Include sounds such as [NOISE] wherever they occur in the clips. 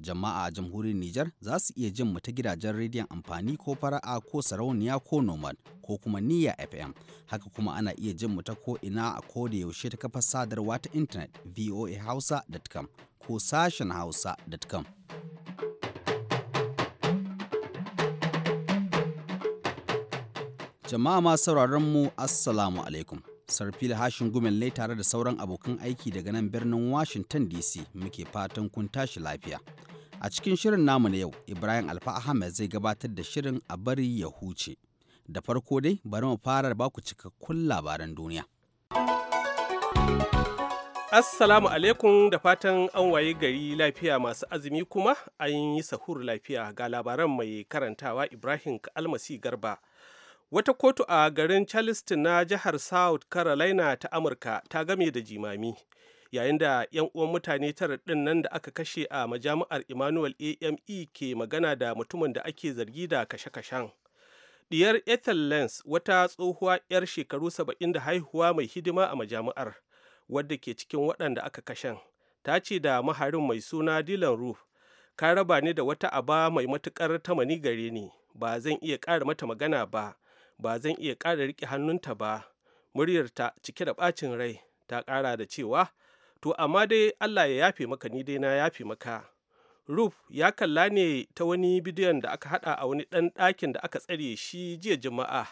Jama'a a jamhuriyar Nijar za su iya jin mu ta gidajen rediyon amfani ko fara'a ko sarauniya ko nomad ko kuma niya FM. Haka kuma ana iya jin mu ta ko ina a ko yaushe ta kafar sadarwa ta intanet voahausa.com ko sashen hausa.com. Jama'a ma sauraron mu Assalamu alaikum. sarfil hashin gumel ne tare da sauran abokan aiki daga nan birnin washington dc muke fatan kun tashi lafiya a cikin shirin namu na yau ibrahim alfa ahmed zai gabatar da shirin a bari ya huce da farko dai bari mu fara ba ku cikakkun labaran duniya assalamu alaikum da fatan an waye gari lafiya masu azumi kuma an yi sahur lafiya ga labaran mai karantawa ibrahim almasi garba wata kotu a garin charleston na jihar south carolina ta amurka ta game da jimami yayin da 'yan uwan mutane tara ɗin nan da aka kashe a majami'ar emmanuel ame ke magana da mutumin da ake zargi da kashe-kashen diyar ethel lenz wata tsohuwa 'yar shekaru saba'in da haihuwa mai hidima a majami'ar wadda ke cikin waɗanda aka kashen ta ce da maharin mai suna dylan roof ka raba ni da wata aba mai matuƙar tamani gare ni ba zan iya ƙara mata magana ba ba zan iya ƙara riƙe hannunta ba muryarta cike da ɓacin rai ta ƙara da cewa to amma dai allah ya yafe maka ni dai na yafe maka ruf ya kalla ne ta wani bidiyon da aka hada a wani ɗan ɗakin da aka tsare shi jiya juma'a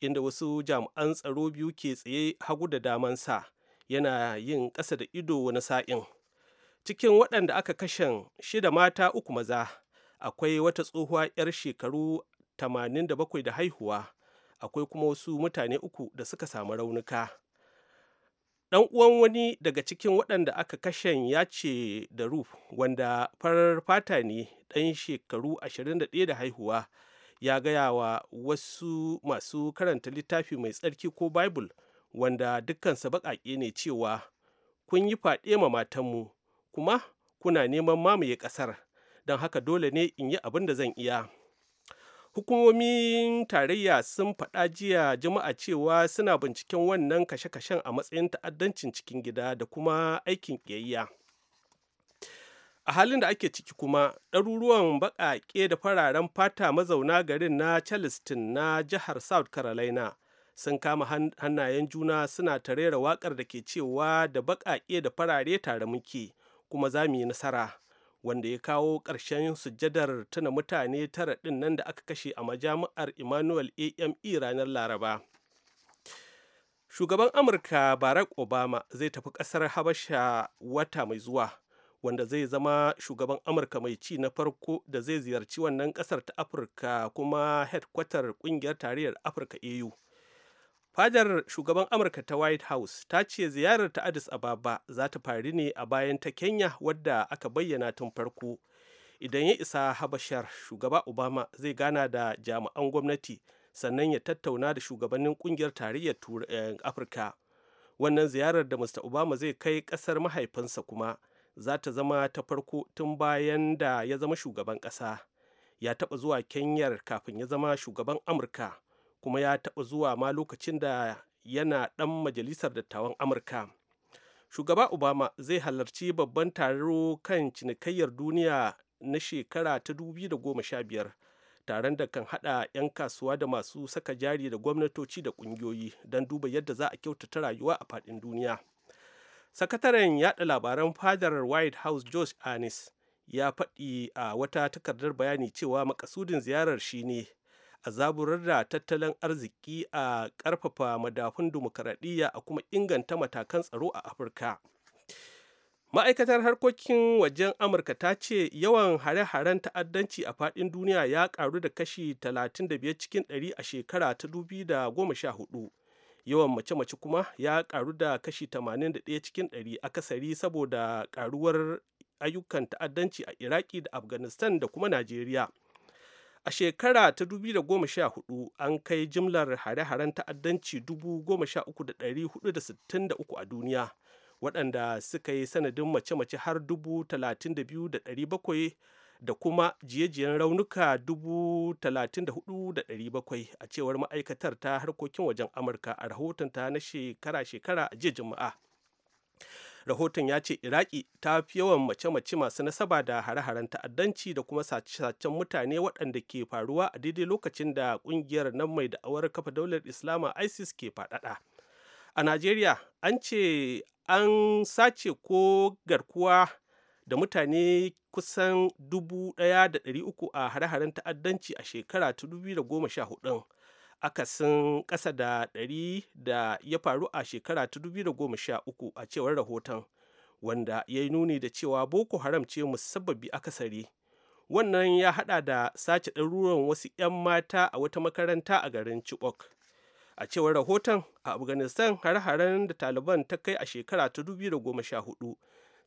inda wasu jami'an tsaro biyu ke tsaye hagu da damansa yana yin ƙasa da ido wani sa'in cikin waɗanda aka kashen shida mata uku maza akwai wata tsohuwa 'yar shekaru 87 da haihuwa akwai kuma wasu mutane uku da suka samu raunuka dan uwan wani daga cikin waɗanda aka kashen ya ce da ruf wanda farar fata ne ɗan shekaru 21 da haihuwa ya gaya wa wasu masu karanta littafi mai tsarki ko bible wanda dukkansa baƙaƙe ne cewa kun yi faɗe ma matanmu kuma kuna neman mamaye ƙasar don haka dole ne in yi abin da zan iya hukumomin tarayya sun faɗa jiya juma'a cewa suna binciken wannan kashe-kashen a matsayin ta'addancin cikin gida da kuma aikin ƙiyayya a halin da ake ciki kuma ɗaruruwan baƙaƙe da fararen fata mazauna garin na charleston na jihar south carolina sun kama hannayen juna suna tarera waƙar da ke cewa da baƙaƙe da farare tare muke kuma za mu yi nasara wanda ya kawo ƙarshen sujjadar tuna mutane tara ɗin nan da aka kashe a majami'ar emmanuel ame ranar laraba shugaban amurka barack obama zai tafi ƙasar habasha wata mai zuwa wanda zai zama shugaban amurka mai ci na farko da zai ziyarci wannan ƙasar ta afirka kuma headquarter ƙungiyar tarayyar afirka au fadar shugaban amurka ta white house ta ce ziyarar ta addis ababa za ta faru ne a bayan ta kenya wadda aka bayyana tun farko idan ya isa habashar shugaba obama zai gana da jami'an gwamnati sannan ya tattauna da shugabannin kungiyar tarayyar eh, afirka wannan ziyarar da mr obama zai kai kasar mahaifinsa kuma za ta zama ta farko tun bayan da ya zama shugaban kasa ya taɓa zuwa kenyar kafin ya zama shugaban amurka kuma ya taɓa zuwa ma lokacin da yana ɗan majalisar dattawan amurka shugaba obama zai halarci babban taro kan cinikayyar duniya na shekara ta 2015 taron da kan hada 'yan kasuwa da masu saka jari da gwamnatoci da ƙungiyoyi don duba yadda za a kyautata rayuwa a faɗin duniya sakataren yada labaran fadar white house george anis ya faɗi a wata takardar bayani cewa makasudin ziyarar shi ne a zaburar da tattalin arziki a ƙarfafa madafun dimokuraɗiyya a kuma inganta matakan tsaro a afirka ma'aikatar harkokin wajen amurka ta ce yawan hare-haren ta'addanci a faɗin duniya ya ƙaru da kashi 35 cikin 100 a shekara ta 2014 yawan mace-mace kuma ya ƙaru da kashi 81 cikin 100 akasari saboda ƙaruwar ayyukan ta'addanci a iraki da afghanistan da kuma najeriya a shekara ta 2014 an kai jimlar hare-haren ta'addanci 13,463 a duniya waɗanda suka yi sanadin mace-mace har 32,700 da kuma jiye-jiyen raunuka 34,700 a cewar ma'aikatar ta harkokin wajen amurka a rahotonta na shekara-shekara a jiya juma'a rahoton ya ce iraki ta fi yawan mace-mace masu nasaba da hare-haren ta'addanci da kuma sace-sacen mutane waɗanda ke faruwa a daidai lokacin da ƙungiyar nan mai da da'awar kafa daular islama isis ke faɗaɗa a najeriya an ce an sace ko garkuwa da mutane kusan da uku a hare-haren ta'addanci a shekara ta 2014 akasin ƙasa da ɗari da ya faru a shekara ta 2013 a cewar rahoton wanda ya yi nuni da cewa boko haram ce musabbabi akasari wannan ya hada da sace ɗaruruwan wasu 'yan mata a wata makaranta a garin chibok a cewar rahoton a afghanistan har-haren da taliban ta kai a shekara ta 2014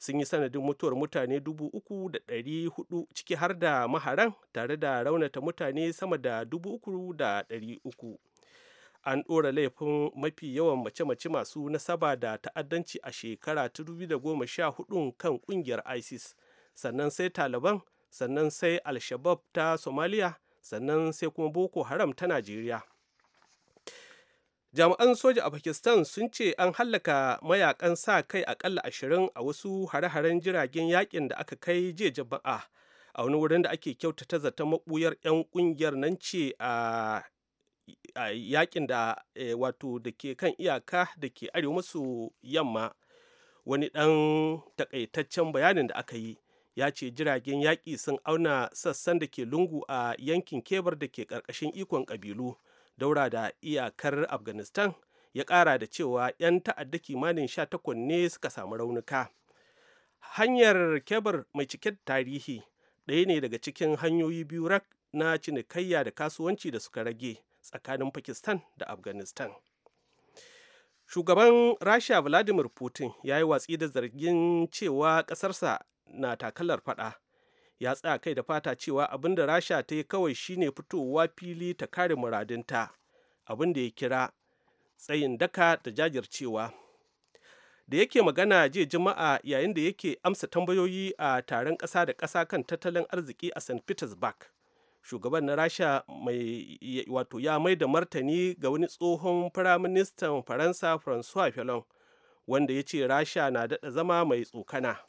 sun yi sanadin mutuwar mutane dubu uku da ɗari hudu ciki har da maharan tare da raunata mutane sama da dubu uku da ɗari uku an ɗora laifin mafi yawan mace-mace masu nasaba da ta'addanci a shekara ta 2014 kan ƙungiyar isis sannan sai taliban sannan sai Alshabab ta Somalia, sannan sai kuma boko haram ta najeriya jami'an soja a pakistan sun ce an hallaka mayakan sa kai akalla ashirin a wasu hare-haren jiragen yakin da aka kai jiya jaba'a a wani wurin da ake kyautata zata mabuyar 'yan kungiyar nan ce a yakin da e, wato da ke kan iyaka da ke arewa masu yamma wani dan takaitaccen bayanin da aka yi ya ce jiragen yaƙi sun auna sassan da ke lungu a yankin kebar da ke ƙarƙashin ikon ƙabilu daura da iyakar afghanistan ya kara da cewa 'yan ta'adda kimanin 18 ne suka samu raunuka hanyar kebar mai cike da tarihi ɗaya ne daga cikin hanyoyi biyu rak na cinikayya da kasuwanci da suka rage tsakanin pakistan da afghanistan shugaban rasha vladimir putin ya yi watsi da zargin cewa ƙasarsa na takalar fada ya tsaya kai da fata cewa abin da rasha ta yi kawai shine fitowa fili ta kare muradinta abin da ya kira tsayin daka da jajircewa da yake magana jiya juma'a yayin da yake amsa tambayoyi a taron ƙasa da ƙasa kan tattalin arziki a st petersburg shugaban na rasha mai wato ya mai da martani ga wani tsohon firaministan faransa francois fillon wanda ya ce rasha na daɗa zama mai tsokana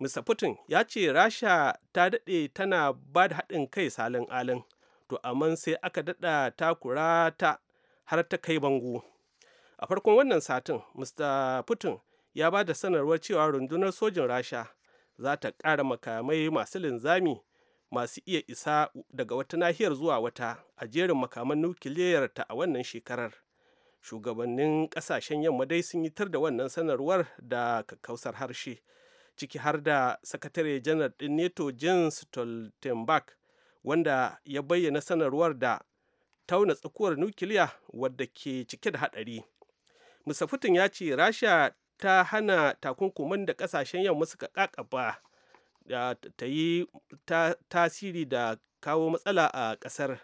Mr. Putin ya ce Rasha ta daɗe tana ba da haɗin kai salin alin, to amma sai aka daɗa takura ta har ta kai bango. A farkon wannan satin, Mr. Putin ya ba da sanarwar cewa rundunar sojin Rasha za ta ƙara makamai masu linzami masu iya isa daga wata nahiyar zuwa wata a jerin makaman nukiliyar ta a wannan shekarar. Shugabannin ƙasashen yamma dai sun yi tar da wannan sanarwar da kakkausar harshe. ciki har da sakatare janar ɗin neto jens stoltenberg wanda ya bayyana sanarwar da tauna tsakuwar nukiliya wadda ke cike da haɗari musafutin ya ce rasha ta hana takunkumin da ƙasashen yamma suka ƙaƙaba ta yi tasiri da kawo matsala a ƙasar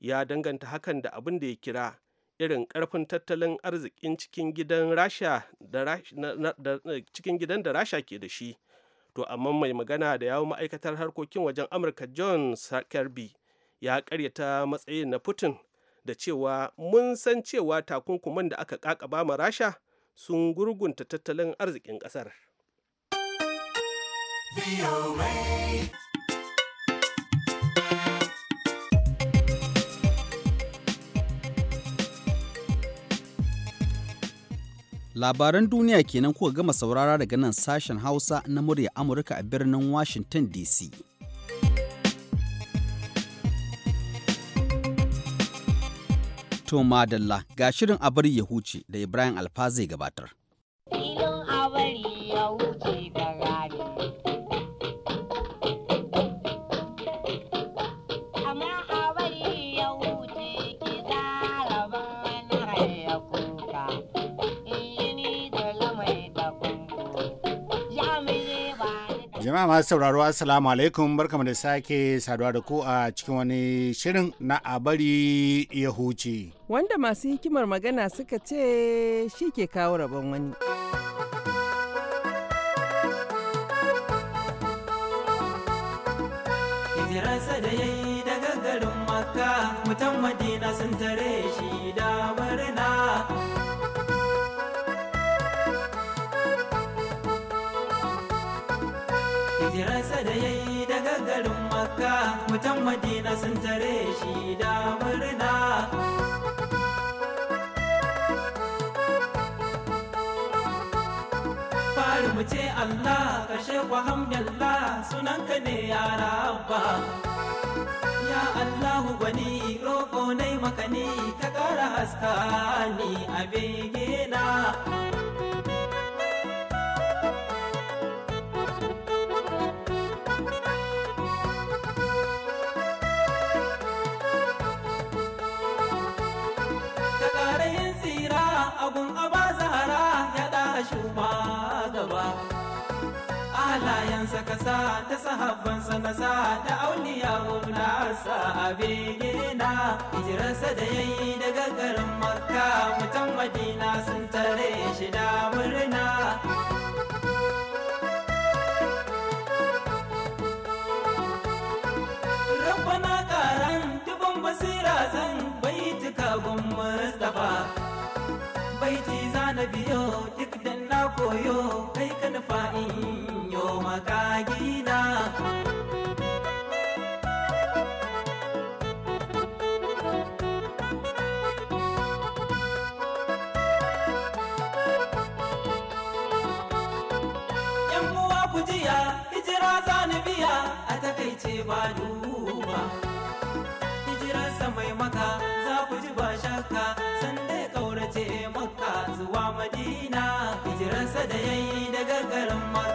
ya danganta hakan da abin da ya kira irin karfin tattalin arzikin cikin gidan rasha da cikin gidan da rasha ke da shi to amma mai magana da yawon ma'aikatar harkokin wajen amurka john kirby ya karyata matsayin na putin da cewa mun san cewa takunkuman da aka kakaba ma rasha sun gurgunta tattalin arzikin kasar. Labaran duniya kenan kuka gama saurara daga nan sashen Hausa na murya Amurka a birnin Washington DC. To madalla ga shirin abar ya huce da Ibrahim Alfa zai gabatar. Jama'a masu sauraro Assalamu alaikum barkamu da sake saduwa da ku a cikin wani shirin na abari ya huce. Wanda masu hikimar magana suka ce shi ke kawo rabon wani. da ya yi daga garin mutan Madina sun tare shi da murna. makka mutan madina sun tare shi da murna fari mu ce allah kashe ku sunan sunanka ne ya rabba ya allahu gwani roƙo nai makani ka ƙara haska ni a begena kasa ta sahabbansa na sa ta auliya na sa a begina hijirarsa da yayi daga garin makka mutan madina sun tare shi da murna rabbana karan dubin basira zan baitika gun Mustapha, baiti zana biyo duk da na koyo kai ka nufa makagina yan uwa ku jiya hijira ni biya a takaice ba duba hijirarsa mai maka za ku ji ba shakka sanda ya zuwa madina hijirarsa da yayi da garin ma.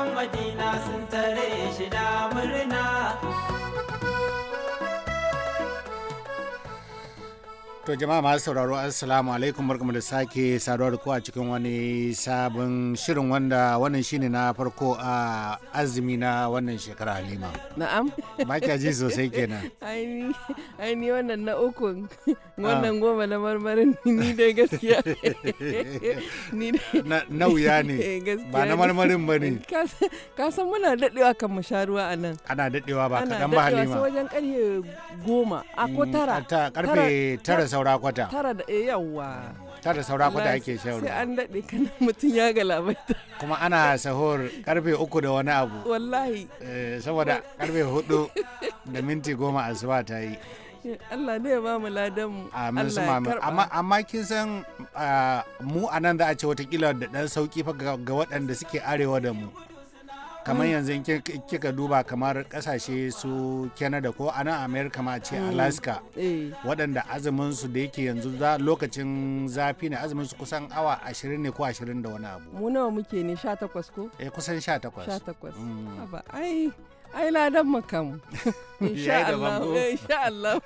mutanen madina sun tare shi da murna To jama'a masu sauraro assalamu alaikum barkamu da sake saduwa da kowa cikin wani sabon shirin wanda wannan shine na farko a azumi na wannan shekara halima. Na'am. Ba ji sosai kenan. [LAUGHS] Ai ni wannan na ukun. wannan goma na marmarin ni dai gaskiya [LAUGHS] ni na wuya ne [LAUGHS] eh, ba na marmarin ba ne [LAUGHS] ka san muna daɗewa kan mu sharuwa a nan ana daɗewa ba kaɗan ba halima ana wajen ƙarfe goma a ko mm, tara ƙarfe tara saura kwata tara da eh, yawa. tara saura kwata ake shan sai an daɗe kan mutum ya ga labarta. kuma ana sahur ƙarfe uku da wani abu wallahi eh, saboda ƙarfe hudu da minti goma asuba ta yi Allah ne ba mu ladan mu. Amin su mamin. Amma kin san ah, mu a nan za a ce watakila da dan sauki fa ga waɗanda suke arewa da mu. kamar mm. yanzu kika duba kamar kasashe su canada ko a nan america ma ce mm. alaska eh. waɗanda azumin su da yake yanzu za lokacin zafi ne azumin su kusan awa 20 ne ko 20 da wani abu mu nawa muke ne 18 ko eh kusan 18 18 mm. ai ai ladan mu kam [LAUGHS] insha Allah insha Allah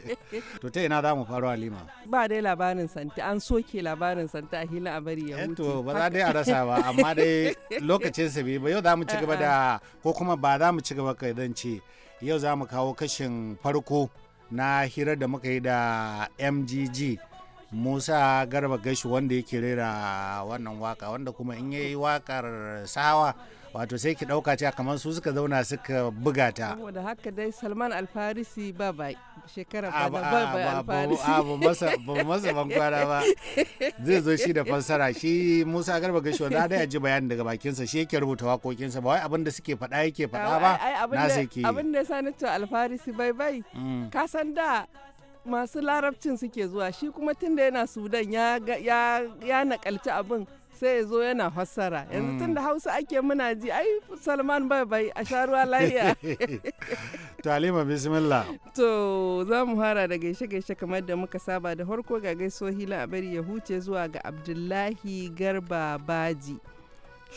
[LAUGHS] to ta ina zamu faro Halima ba dai labarin santa an soke labarin santa a hila a bari ya eh wuce to ba za dai a rasa ba amma dai lokacin sa bi ba yau zamu ci gaba da ko kuma ba za mu ci gaba kai zan ce yau zamu kawo kashin farko na hirar da muka yi da MGG Musa Garba Gashi wanda yake rera wannan waka wanda kuma in yayi wakar sawa wato sai ki ɗauka cewa kamar su suka zauna suka buga ta saboda haka dai salman alfarisi ba ba shekara ba ba ba ba masa ba masa ban kwana ba zai zo shi da fansara shi musa garba gashi wanda da ya ji bayani daga sa shi yake rubuta sa ba wai abinda suke faɗa yake faɗa ba na sai ke abinda ya sani to alfarisi bai bai mm. ka san da masu larabcin suke zuwa shi kuma tun da yana sudan ya nakalci abin sai ya zo yana fassara yanzu tun da mm. hausa ake muna ji ai salman bai bai a sharuwa lahiya [LAUGHS] to bismillah to za mu fara da gaishe gaishe kamar da muka saba da harko ga gaiso hila a bari ya huce zuwa ga abdullahi garba baji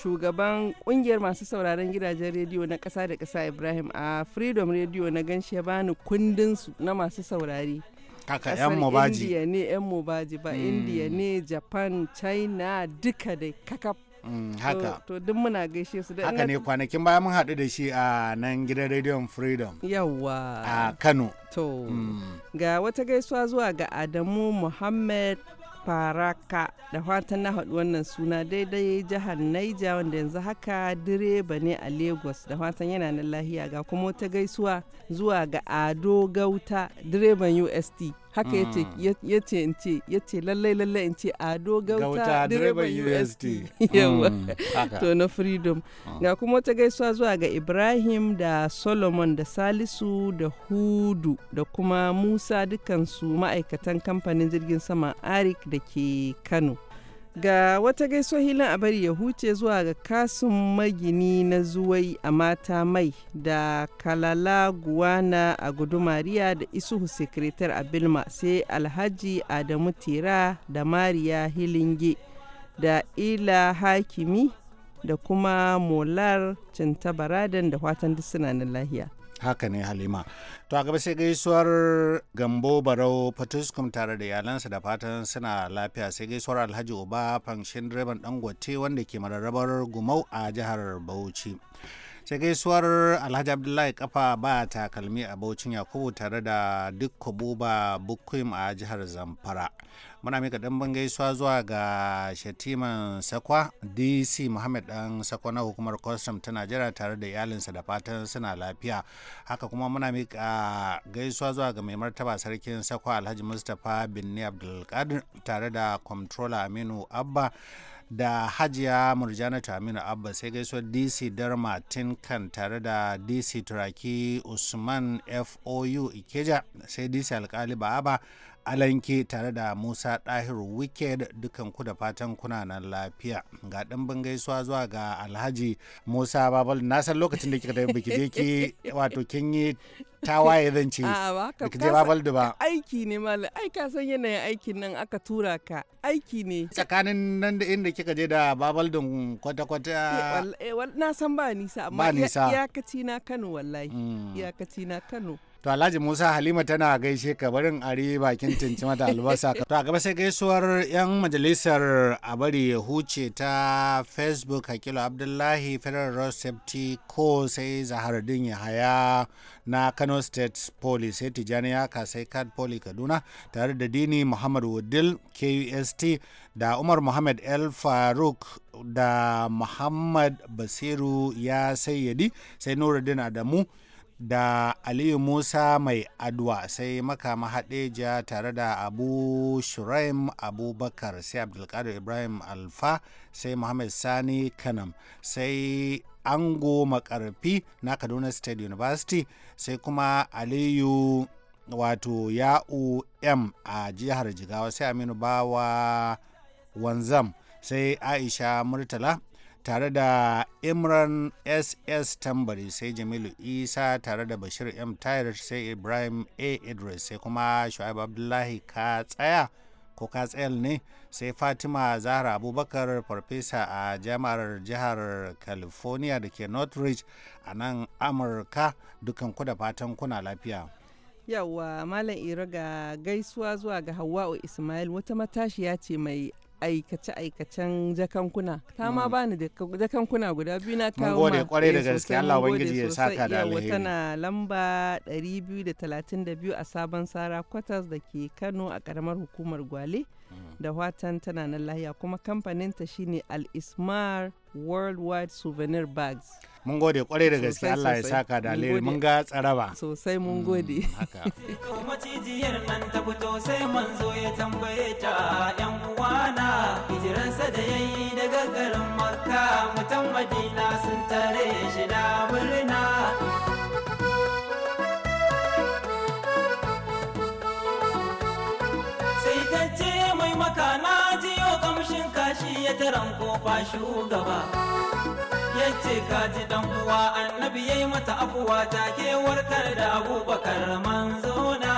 shugaban kungiyar masu sauraron gidajen rediyo na kasa da kasa ibrahim a freedom radio na ganshi ya bani kundinsu na masu saurari haka yan mobaji indiya ne yan mobaji ba mm. india ne japan china duka dai kakaf mm, haka to duk muna gaishe su haka ne kwanakin baya mun haɗu da shi a nan gidan rediyon freedom yawa a kano to mm. ga wata gaisuwa zuwa ga adamu muhammed. Faraka da fatan na haɗu wannan suna daidai jihar Naija wanda yanzu haka direba ne a Lagos da fatan yana nan lahiya ga kuma wata gaisuwa zuwa ga Ado Gauta direban UST. haka mm. ya ce in ce ya ce lallai lallai in ce ado gauta direban USD mm, [LAUGHS] yawa to na freedom mm. ga kuma wata gaisuwa zuwa ga Ibrahim da Solomon da Salisu da Hudu da kuma Musa dukansu ma'aikatan kamfanin jirgin saman Arik da ke Kano Ga wata gaisuwa hilin a bari ya huce zuwa ga kasun magini na zuwai a mata mai da kalala guwana a gudu Mariya da isuhu sekretar a Bilma sai Alhaji Adamu Tira da Mariya Hilinge da Ila Hakimi da kuma Molar baradan da watan duk suna lahiya. haka ne halima to a gaba sai gaisuwar gambo barau fatuskum tare da iyalansa da fatan suna lafiya sai gaisuwar alhaji uba fanshin direban dangote wanda ke mararrabar gumau a jihar bauchi sai gaisuwar alhaji abdullahi kafa ba takalmi a bauchin yakubu tare da duk buba bukuim a jihar zamfara muna mika damban gaisuwa zuwa ga shatiman sakwa dc muhammad dan sakwa na hukumar custom ta najeriya tare da iyalinsa da fatan suna lafiya haka kuma muna mika gaisuwa zuwa ga mai martaba sarkin sakwa alhaji mustapha binne abdulkadir tare da comptroller aminu abba da hajiya murjana aminu abba sai gaisuwa dc darma tinkan tare da dc turaki usman fou ikeja sai dc alkali ba alanke tare da musa dahir wicked dukan ku da fatan kuna nan lafiya ga ɗimbin gaisuwa zuwa ga alhaji musa babal na san lokacin da kika da biki je ki wato kin yi tawaye zan ce Ki je babal da ba aiki ne malam ai ka san yanayin aikin nan aka tura ka aiki ne tsakanin nan da inda kika je da babal din kwata kwata eh, eh, na san ba nisa amma iyakaci na kano wallahi mm. iyakaci na kano to alhaji musa halima tana gaishe ka barin are bakin cinci mata albasa to a gaba sai gaisuwar yan majalisar a bari ya huce ta facebook hakilu abdullahi federal road safety ko sai din yahaya na kano state police sai ya ka sai kad poli kaduna tare da dini muhammad wadil kust da umar muhammad el faruk da muhammad basiru ya sayyadi sai nuruddin adamu da aliyu musa mai adwa sai makama hadeja tare da abu shuraim abubakar sai abdulkadir ibrahim alfa sai muhammad sani kanam sai ango makarfi na kaduna state university sai kuma aliyu wato ya'u m a jihar jigawa sai aminu bawa wanzam sai aisha murtala tare da imran ss tambari sai jamilu isa tare da bashir m tayar sai ibrahim a idris sai kuma shu'aib abdullahi ka tsaya ko ka tsayal ne sai fatima zahra abubakar farfesa a jami'ar jihar california da ke northridge a nan amurka dukan ku da fatan kuna lafiya yawwa malam ira ga gaisuwa zuwa ga hawa'u ismail wata matashiya ce mai aikace-aikacen jakankuna ta ma mm. ba ni jakankuna guda biyu na kawo ma kwarai da gaske Allah ubangiji ya saka da alheri tana lamba 232 a sabon sara kwatas da ke Kano a karamar hukumar Gwale mm. da watan tana nan lahiya kuma kamfanin ta shine Al Ismar Worldwide Souvenir Bags mun gode kwarai da gaske Allah ya saka da alheri mun ga tsaraba sosai mun mm, gode haka ko macijiyar nan ta fito sai manzo ya tambaye ta yan uwana hijiransa da yayi daga garin makka mutan madina sun tare shi da murna sai ta ce mai makana jiyo kamshin kashi ya taran kofa shugaba yace ka ji dan uwa annabi yayi mata afuwa take warkar da abubakar na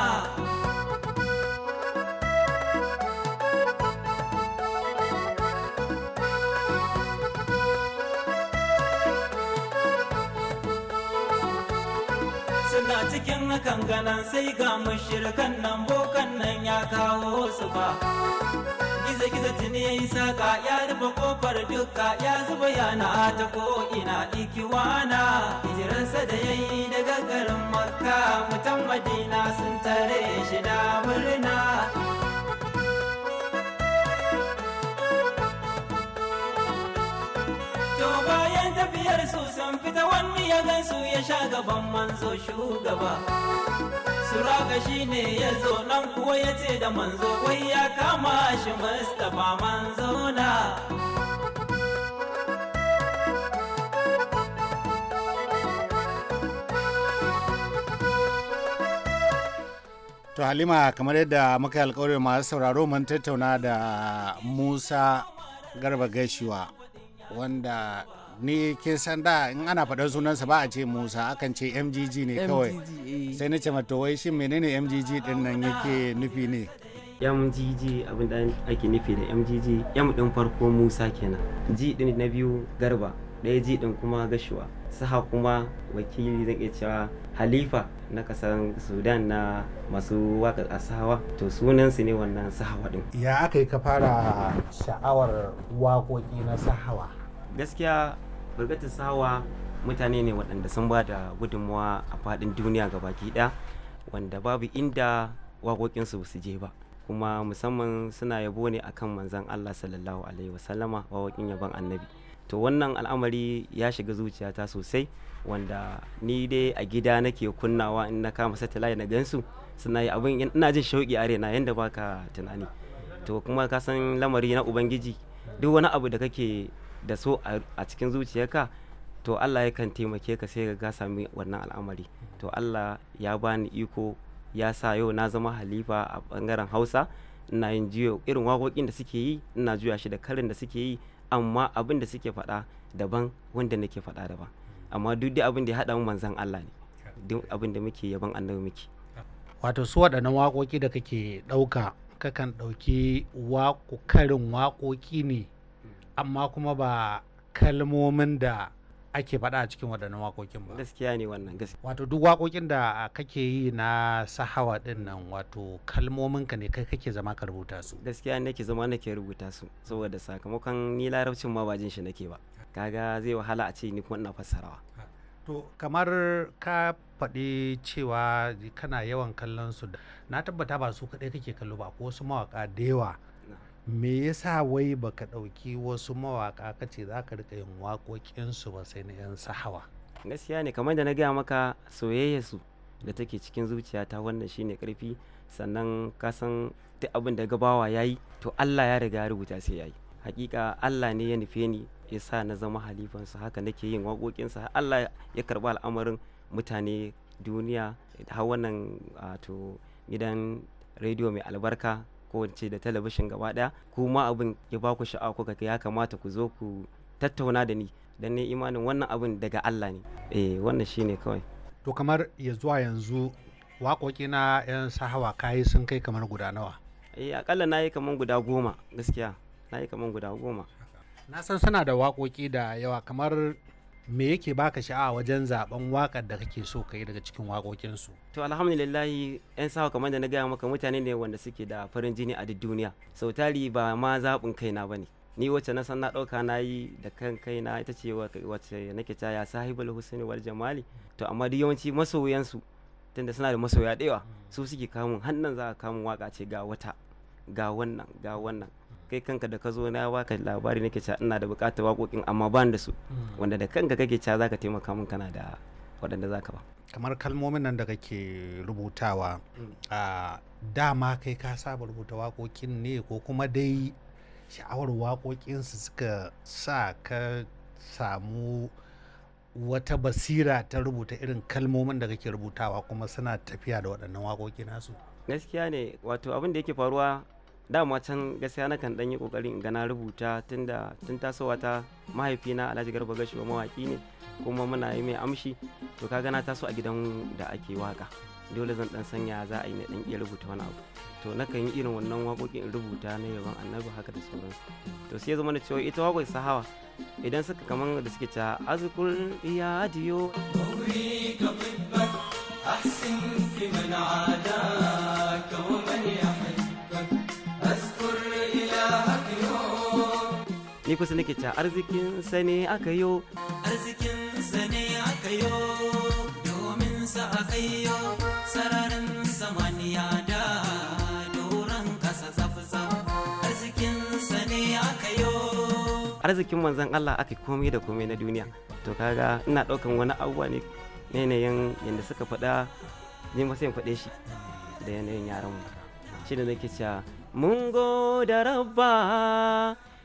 kan ganan sai ga mushirkan nan bokan nan ya kawo su fa gizo-gizo tuni ya yi saƙa ya rufe kofar duka ya zuba yana ta ko'ina ikiwana hijiransa da ya yi daga garin makka mutan madina sun tare shi da murna hanyar su san fita wani ya gansu ya sha gaban manzo shugaba suraka ne ya zo nan kuwa ya ce da manzo wai ya kama shi mustapha manzo na To Halima kamar yadda muka alkawari masu sauraro man tattauna da Musa Garba gaishewa wanda ni ke san da in ana faɗan sunansa ba a ce musa akan ce mgg ne kawai eh. sai na ce wai shin menene mgg din nan yake nufi ne mgg abin da ake nufi da mgg m din farko musa kenan g din na biyu garba ɗaya ji din kuma gashuwa saha kuma wakili zan iya cewa halifa na kasar sudan na masu waka a sahawa to sunansu ne wannan sahawa din ya aka yi ka fara sha'awar waƙoƙi na sahawa gaskiya burgatun sawa mutane ne waɗanda sun ba da gudunmawa a faɗin duniya ga baki ɗaya wanda babu inda waƙoƙinsu su je ba kuma musamman suna yabo ne akan manzan Allah sallallahu alaihi wasallama waƙoƙin yabon annabi to wannan al'amari ya shiga zuciyata sosai wanda ni dai a gida nake kunnawa in na kama satellite na gansu suna yi abin ina jin shauƙi a na yanda baka tunani to kuma ka san lamari na ubangiji duk wani abu da kake da so a cikin zuciyarka to Allah yakan taimake ka sai ga sami wannan al'amari to Allah ya bani iko ya sa yau na zama halifa a bangaren Hausa na yin jiyo irin wakokin da suke yi ina juya shi da karin da suke yi amma abin da suke faɗa daban wanda nake faɗa daban amma duk da abin da ya haɗa mu manzan Allah ne duk abin da muke yaban annabi muke wato su waɗannan waƙoƙi da kake ɗauka kakan ɗauki karin waƙoƙi ne amma kuma ba kalmomin da ake faɗa a cikin waɗannan waƙoƙin ba gaskiya ne wannan gaskiya wato duk waƙoƙin da kake yi na sahawa ɗin nan wato kalmomin ka ne kai kake zama ka rubuta su gaskiya nake zama nake rubuta su saboda sakamakon ni larabcin ma ba jin shi nake ba kaga zai wahala a ce ni kuma ina fassarawa to kamar ka faɗi cewa kana yawan kallon su na tabbata ba su kaɗai kake kallo ba ko wasu mawaƙa da yawa me yasa wai baka ɗauki wasu mawaƙa kace za ka rika yin waƙoƙinsu ba sai na 'yan sahawa gaskiya ne kamar da na gaya maka soyayya su da take cikin zuciyata wannan shine karfi sannan ka san duk abin da gabawa yayi to Allah ya riga ya rubuta sai yayi hakika Allah ne ya nufe ni ya sa na zama halifansu haka nake yin waƙoƙinsa Allah ya karɓi al'amarin mutane duniya har wannan to gidan rediyo mai albarka ko ce da talabishin gaba daya kuma abin ya baku sha'awa kuka ya kamata ku zo ku tattauna da ni dan ne imanin wannan abin daga Allah ne eh wannan shine kawai to kamar ya zuwa yanzu waƙoƙi na yan sahawa kai sun kai kamar guda nawa eh akalla nayi kamar guda goma gaskiya nayi kamar guda goma na san suna da waƙoƙi da yawa kamar me yake baka sha'awa wajen zaben wakar da kake so ka yi daga cikin waƙoƙinsu to alhamdulillah yan sawa kamar da na gaya maka mutane ne wanda suke da farin jini a duk duniya sau tari ba ma zaɓin kaina ba ne ni wacce na san na ɗauka na yi da kan kaina ita ce wacce nake ta ya sahibul husni wal jamali to amma duk yawanci masoyansu tunda suna da masoya da su suke kamun hannan za ka kamun waka ce ga wata ga wannan ga wannan kai kanka da ka zo na baka labari nake cewa ina da bukatar waƙoƙin amma ban da su hmm. wanda da kanka kake cewa zaka taimaka min kana da waɗanda zaka ba kamar kalmomin nan da kake rubutawa hmm. a dama kai ka saba rubuta waƙoƙin ne ko kuma dai sha'awar su suka sa ka samu wata basira ta rubuta irin kalmomin da kake rubutawa kuma suna tafiya da waɗannan waƙoƙi nasu gaskiya ne wato abin da yake faruwa dama can gaskiya na kan dan yi kokari in gana rubuta tunda tun tasowa ta mahaifina Alhaji Garba ba mawaki ne kuma muna yi mai amshi to ka gana taso a gidan da ake waka dole zan dan sanya za a yi na dan iya rubuta wani abu to na kan yi irin wannan wakokin in rubuta na yaban annabi haka da sauransu to sai ya zama da cewa ita waƙoƙin sahawa idan suka kaman da suke ta azkul iyadiyo ahsin fi man kusa nake ca arzikin sa ne aka yo arzikin sa ne aka yo domin sa aka yo sararin samaniya da doron kasa zafzaf arzikin sa ne aka yo arzikin manzon Allah aka komai da komai na duniya to kaga ina daukan wani abuwa ne yanayin yadda suka faɗa ni ma sai faɗe shi da yanayin yaran mu shi da nake cewa mun da rabba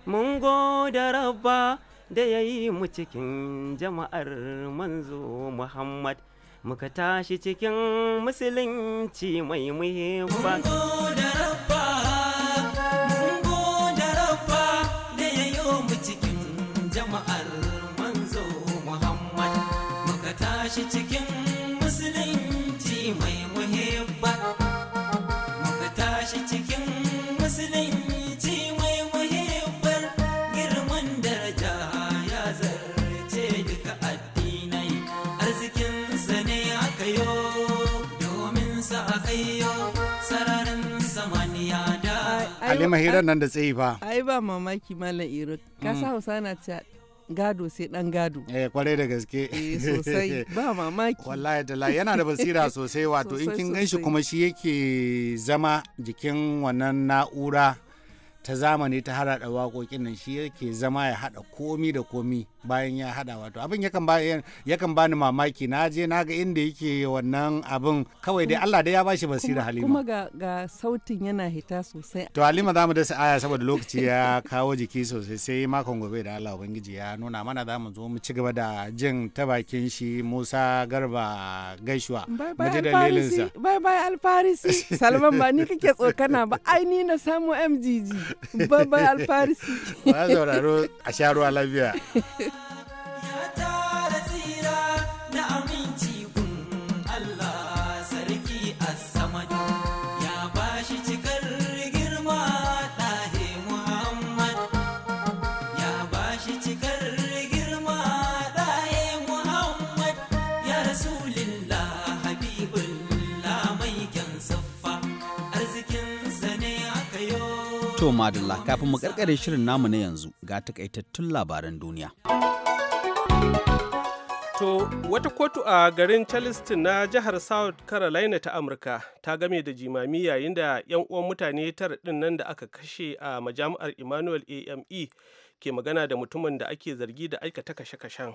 mun goda rabba da ya yi mu cikin jama'ar manzo muhammad muka tashi cikin musulunci mai muhimmanci. Mun da rabba, mun da rabba ya yi mu cikin jama'ar manzo Muhammad muka tashi cikin kalimar mahirar nan da tsayi ba ai ba mamaki malam iro ka sa mm. hausa na ta gado sai dan gado eh kwarai da gaske eh sosai ba mamaki wallahi da yana da basira [LAUGHS] sosai wato in kin ganshi kuma shi yake zama jikin wannan na'ura ta zamani ta hada da waƙoƙin nan shi yake zama ya hada komi da komi bayan ya hada wato abin yakan ba yakan bani mamaki na je na ga inda yake wannan abin kawai dai Allah dai ya bashi basira Halima kuma ga, ga sautin yana hita sosai to Halima za mu dasa aya saboda lokaci ya kawo jiki sosai sai makon gobe da Allah ubangiji ya nuna mana za mu zo mu ci gaba da jin ta bakin shi Musa Garba Gaishuwa bye bye alfarisi bye bye alfarisi [LAUGHS] Salman ba ni kake tsokana ba ai ni na samu MGG bye bye alfarisi ba [LAUGHS] zauraro a sha ruwa lafiya [LAUGHS] To madalla kafin mu karkare shirin namu na yanzu ga takaitattun labaran duniya. To wata kotu a garin Charleston na jihar South Carolina ta Amurka ta game da jimami yayin da 'yan uwan mutane tara ɗin nan da aka kashe a majami'ar Emmanuel AME ke magana da mutumin da ake zargi da aikata kashe-kashen.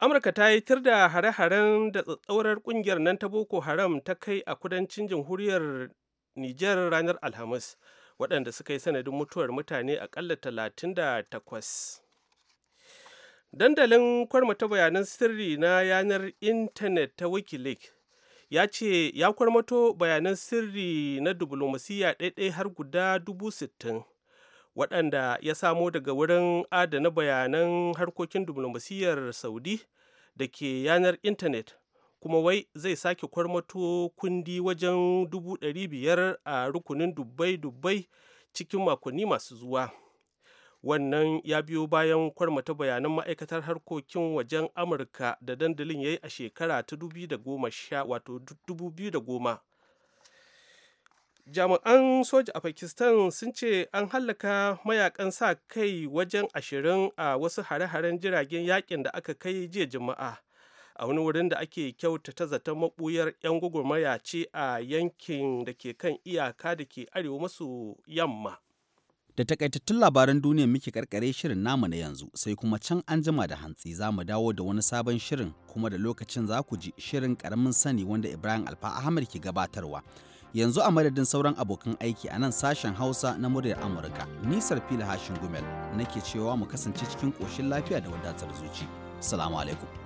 Amurka ta yi tir da hare-haren da tsatsaurar kungiyar nan ta Boko Haram ta kai a kudancin jamhuriyar Nijar ranar Alhamis waɗanda suka yi sanadin mutuwar mutane aƙalla talatin da takwas dandalin kwarmata bayanan sirri na yanar intanet ta wikileaks ya ce ya kwarmato bayanan sirri na diflomasiyya ɗaiɗai har guda dubu sittin waɗanda ya samo daga wurin adana bayanan harkokin diflomasiyyar saudi da ke yanar intanet kuma wai zai sake kwarmato kundi wajen dubu ɗari biyar a rukunin dubbai-dubbai cikin makonni masu zuwa wannan ya biyo bayan kwarmata bayanan ma'aikatar harkokin wajen amurka da dandalin ya yi a shekara ta wato goma. jami'an soja a pakistan sun ce an hallaka mayakan sa kai wajen ashirin a wasu hare-haren jiragen yakin da aka kai jiya juma'a a wani wurin da ake kyautata zaton mabuyar 'yan gwagwarmaya ce a yankin da ke kan iyaka da ke arewa masu yamma da takaitattun labaran duniya muke karkare shirin namu na yanzu sai kuma can an jima da hantsi za mu dawo da wani sabon shirin kuma da lokacin za ku ji shirin karamin sani wanda ibrahim alfa ahmad ke gabatarwa yanzu a madadin sauran abokan aiki a nan sashen hausa na muryar amurka nisar fila hashin gumel nake cewa mu kasance cikin koshin lafiya da wadatar zuci salamu alaikum